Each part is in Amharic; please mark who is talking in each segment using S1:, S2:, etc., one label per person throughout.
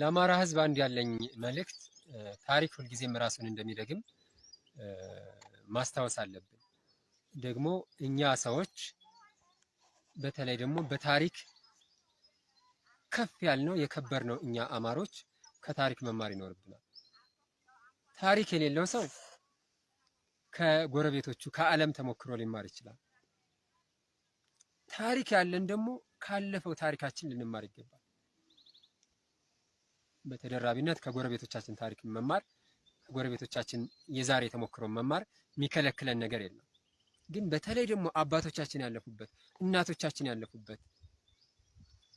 S1: ለአማራ ህዝብ አንድ ያለኝ መልእክት ታሪክ ሁልጊዜም ራሱን እንደሚደግም ማስታወስ አለብን። ደግሞ እኛ ሰዎች በተለይ ደግሞ በታሪክ ከፍ ያልነው የከበርነው እኛ አማሮች ከታሪክ መማር ይኖርብናል። ታሪክ የሌለው ሰው ከጎረቤቶቹ ከዓለም ተሞክሮ ሊማር ይችላል። ታሪክ ያለን ደግሞ ካለፈው ታሪካችን ልንማር ይገባል። በተደራቢነት ከጎረቤቶቻችን ታሪክ መማር ጎረቤቶቻችን የዛሬ ተሞክሮ መማር የሚከለክለን ነገር የለም። ግን በተለይ ደግሞ አባቶቻችን ያለፉበት እናቶቻችን ያለፉበት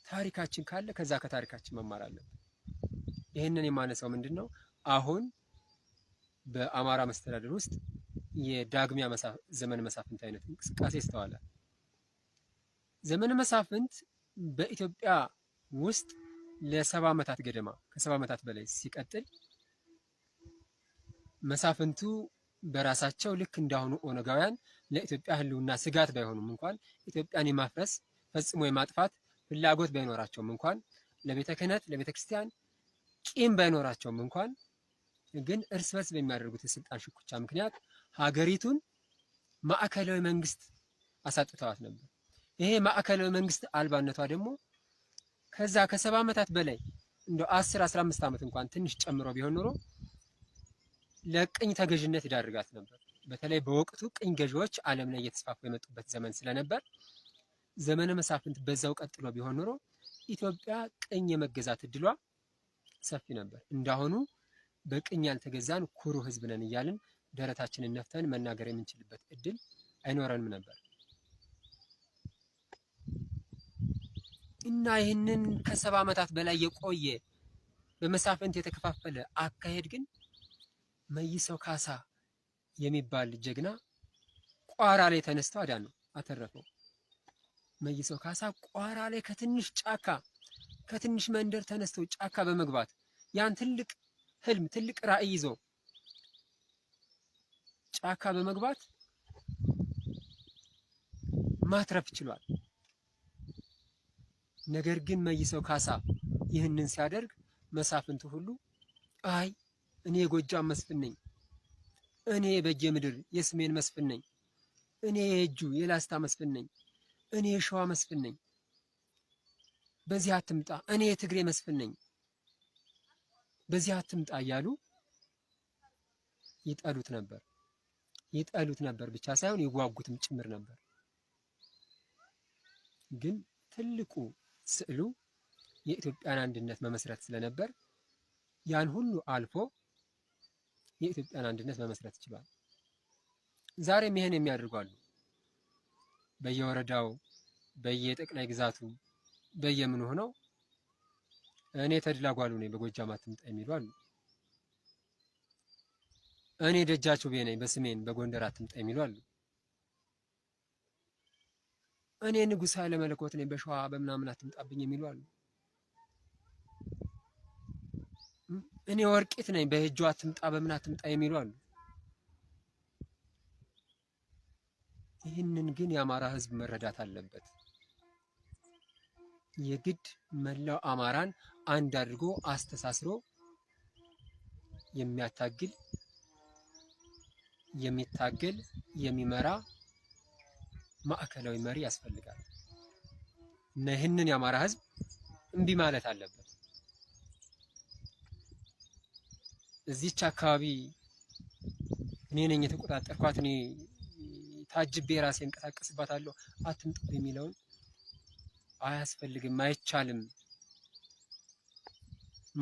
S1: ታሪካችን ካለ ከዛ ከታሪካችን መማር አለብን። ይህንን የማነሳው ምንድን ነው አሁን በአማራ መስተዳደር ውስጥ የዳግሚያ ዘመነ መሳፍንት አይነት እንቅስቃሴ ይስተዋላል። ዘመን መሳፍንት በኢትዮጵያ ውስጥ ለሰባ ዓመታት ገደማ ከሰባ ዓመታት በላይ ሲቀጥል መሳፍንቱ በራሳቸው ልክ እንዳሁኑ ኦነጋውያን ለኢትዮጵያ ሕልውና ስጋት ባይሆኑም እንኳን ኢትዮጵያን የማፍረስ ፈጽሞ የማጥፋት ፍላጎት ባይኖራቸውም እንኳን ለቤተ ክህነት ለቤተ ክርስቲያን ቂም ባይኖራቸውም እንኳን ግን እርስ በርስ በሚያደርጉት የስልጣን ሽኩቻ ምክንያት ሀገሪቱን ማዕከላዊ መንግስት አሳጥተዋት ነበር። ይሄ ማዕከላዊ መንግስት አልባነቷ ደግሞ ከዛ ከሰባ ዓመታት በላይ እንደ 10 15 ዓመት እንኳን ትንሽ ጨምሮ ቢሆን ኖሮ ለቅኝ ተገዥነት ይዳርጋት ነበር። በተለይ በወቅቱ ቅኝ ገዢዎች ዓለም ላይ እየተስፋፉ የመጡበት ዘመን ስለነበር ዘመነ መሳፍንት በዛው ቀጥሎ ቢሆን ኖሮ ኢትዮጵያ ቅኝ የመገዛት እድሏ ሰፊ ነበር። እንዳሁኑ በቅኝ ያልተገዛን ኩሩ ሕዝብ ነን እያልን ደረታችንን ነፍተን መናገር የምንችልበት እድል አይኖረንም ነበር። እና ይህንን ከሰባ ዓመታት በላይ የቆየ በመሳፍንት የተከፋፈለ አካሄድ ግን መይሰው ካሳ የሚባል ጀግና ቋራ ላይ ተነስቶ አዳን ነው አተረፈው። መይሰው ካሳ ቋራ ላይ ከትንሽ ጫካ ከትንሽ መንደር ተነስቶ ጫካ በመግባት ያን ትልቅ ህልም ትልቅ ራዕይ ይዞ ጫካ በመግባት ማትረፍ ችሏል። ነገር ግን መይሰው ካሳ ይህንን ሲያደርግ መሳፍንት ሁሉ አይ እኔ የጎጃም መስፍን ነኝ፣ እኔ የበጌ ምድር የስሜን መስፍን ነኝ፣ እኔ የእጁ የላስታ መስፍን ነኝ፣ እኔ የሸዋ መስፍን ነኝ፣ በዚህ አትምጣ፣ እኔ የትግሬ መስፍን ነኝ፣ በዚህ አትምጣ እያሉ ይጠሉት ነበር። ይጠሉት ነበር ብቻ ሳይሆን ይዋጉትም ጭምር ነበር ግን ትልቁ ስዕሉ የኢትዮጵያን አንድነት መመስረት ስለነበር ያን ሁሉ አልፎ የኢትዮጵያን አንድነት መመስረት ይችሏል። ዛሬም ይህን የሚያደርጉ አሉ። በየወረዳው በየጠቅላይ ግዛቱ በየምኑ ሆነው እኔ ተድላጓሉ ነኝ በጎጃም አትምጣ የሚሉ አሉ። እኔ ደጃችሁ ቤ ነኝ በስሜን በጎንደር አትምጣ የሚሉ አሉ። እኔ ንጉሥ ኃይለ መለኮት ነኝ በሸዋ በምናምን አትምጣብኝ የሚሉ አሉ። እኔ ወርቂት ነኝ በእጇ አትምጣ በምን አትምጣ የሚሉ አሉ። ይህንን ግን የአማራ ህዝብ መረዳት አለበት። የግድ መላው አማራን አንድ አድርጎ አስተሳስሮ የሚያታግል የሚታገል የሚመራ ማዕከላዊ መሪ ያስፈልጋል እና ይህንን የአማራ ህዝብ እምቢ ማለት አለበት። እዚች አካባቢ እኔ ነኝ የተቆጣጠርኳት፣ እኔ ታጅቤ ራሴ እንቀሳቀስባታለሁ፣ አትምጡ የሚለውን አያስፈልግም፣ አይቻልም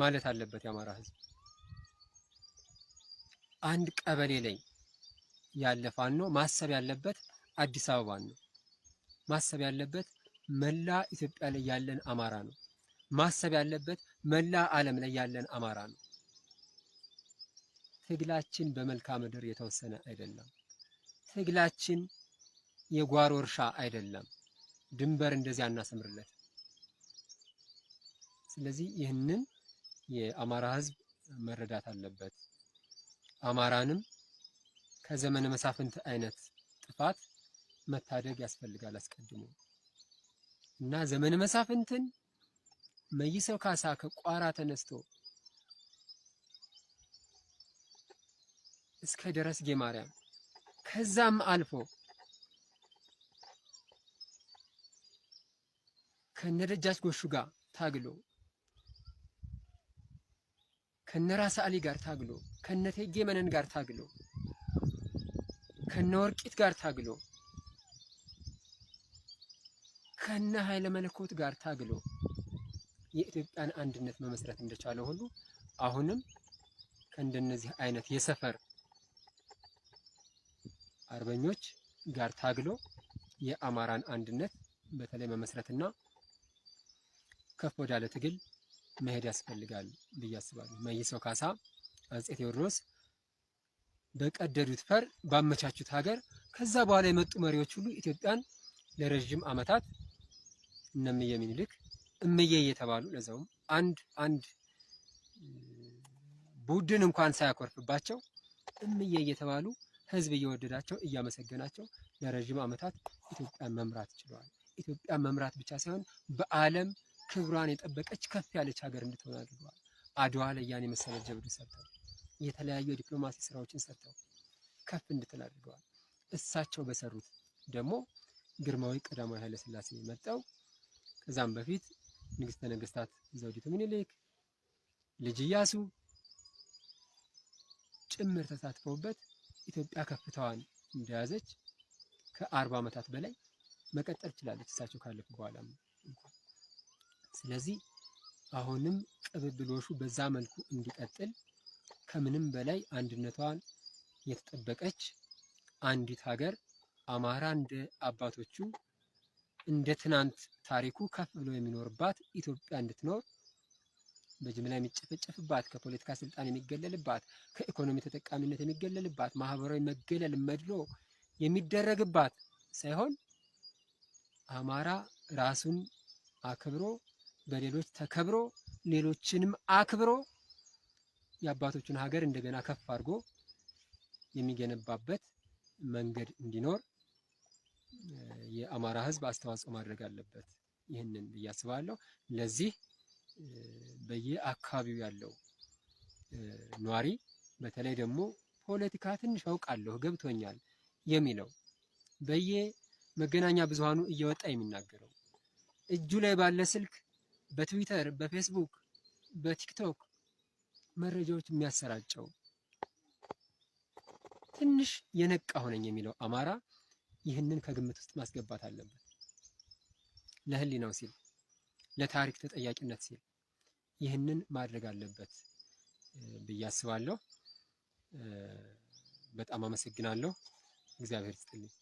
S1: ማለት አለበት የአማራ ህዝብ። አንድ ቀበሌ ላይ ያለ ፋኖ ማሰብ ያለበት አዲስ አበባን ነው። ማሰብ ያለበት መላ ኢትዮጵያ ላይ ያለን አማራ ነው። ማሰብ ያለበት መላ ዓለም ላይ ያለን አማራ ነው። ትግላችን በመልክዓ ምድር የተወሰነ አይደለም። ትግላችን የጓሮ እርሻ አይደለም። ድንበር እንደዚያ እናሰምርለት። ስለዚህ ይህንን የአማራ ሕዝብ መረዳት አለበት። አማራንም ከዘመነ መሳፍንት አይነት ጥፋት መታደግ ያስፈልጋል አስቀድሞ እና ዘመነ መሳፍንትን መይሰው ካሳ ከቋራ ተነስቶ እስከ ደረስጌ ማርያም ከዛም አልፎ ከነደጃች ጎሹ ጋር ታግሎ ከነራስ አሊ ጋር ታግሎ ከነቴጌ መነን ጋር ታግሎ ከነወርቂት ጋር ታግሎ ከነ ኃይለ መለኮት ጋር ታግሎ የኢትዮጵያን አንድነት መመስረት እንደቻለ ሁሉ አሁንም ከእንደነዚህ አይነት የሰፈር አርበኞች ጋር ታግሎ የአማራን አንድነት በተለይ መመስረትና ከፍ ወዳለ ትግል መሄድ ያስፈልጋል ብዬ አስባለሁ። መይሰው ካሳ አጼ ቴዎድሮስ በቀደዱት ፈር ባመቻቹት ሀገር ከዛ በኋላ የመጡ መሪዎች ሁሉ ኢትዮጵያን ለረዥም ዓመታት እነምየ ሚኒልክ እምዬ እየተባሉ ለዛውም አንድ አንድ ቡድን እንኳን ሳያኮርፍባቸው እምዬ እየተባሉ ህዝብ እየወደዳቸው እያመሰገናቸው ለረዥም ዓመታት ኢትዮጵያን መምራት ችለዋል። ኢትዮጵያን መምራት ብቻ ሳይሆን በዓለም ክብሯን የጠበቀች ከፍ ያለች ሀገር እንድትሆን አድርገዋል። አድዋ ላይ ያን የመሰለ ጀብድ ሰርተው የተለያዩ ዲፕሎማሲ ስራዎችን ሰርተው ከፍ እንድትል አድርገዋል። እሳቸው በሰሩት ደግሞ ግርማዊ ቀዳማዊ ስላሴ መጠው ከዛም በፊት ንግስተ ነገስታት ዘውዲቱ ምኒልክ፣ ልጅ ኢያሱ ጭምር ተሳትፈውበት ኢትዮጵያ ከፍታዋን እንደያዘች ከአርባ ዓመታት በላይ መቀጠል ትችላለች እሳቸው ካለፉ በኋላ ስለዚህ አሁንም ቅብብሎሹ በዛ መልኩ እንዲቀጥል ከምንም በላይ አንድነቷን የተጠበቀች አንዲት ሀገር አማራ እንደ አባቶቹ እንደ ትናንት ታሪኩ ከፍ ብሎ የሚኖርባት ኢትዮጵያ እንድትኖር በጅምላ የሚጨፈጨፍባት፣ ከፖለቲካ ስልጣን የሚገለልባት፣ ከኢኮኖሚ ተጠቃሚነት የሚገለልባት፣ ማህበራዊ መገለል መድሎ የሚደረግባት ሳይሆን አማራ ራሱን አክብሮ በሌሎች ተከብሮ ሌሎችንም አክብሮ የአባቶቹን ሀገር እንደገና ከፍ አድርጎ የሚገነባበት መንገድ እንዲኖር የአማራ ህዝብ አስተዋጽኦ ማድረግ አለበት። ይህንን ብዬ አስባለሁ። ለዚህ በየአካባቢው ያለው ኗሪ በተለይ ደግሞ ፖለቲካ ትንሽ አውቃለሁ ገብቶኛል የሚለው በየመገናኛ ብዙሃኑ እየወጣ የሚናገረው እጁ ላይ ባለ ስልክ፣ በትዊተር፣ በፌስቡክ፣ በቲክቶክ መረጃዎች የሚያሰራጨው ትንሽ የነቃ ሆነኝ የሚለው አማራ ይህንን ከግምት ውስጥ ማስገባት አለበት። ለህሊናው ሲል፣ ለታሪክ ተጠያቂነት ሲል ይህንን ማድረግ አለበት ብዬ አስባለሁ። በጣም አመሰግናለሁ። እግዚአብሔር ይስጥልኝ።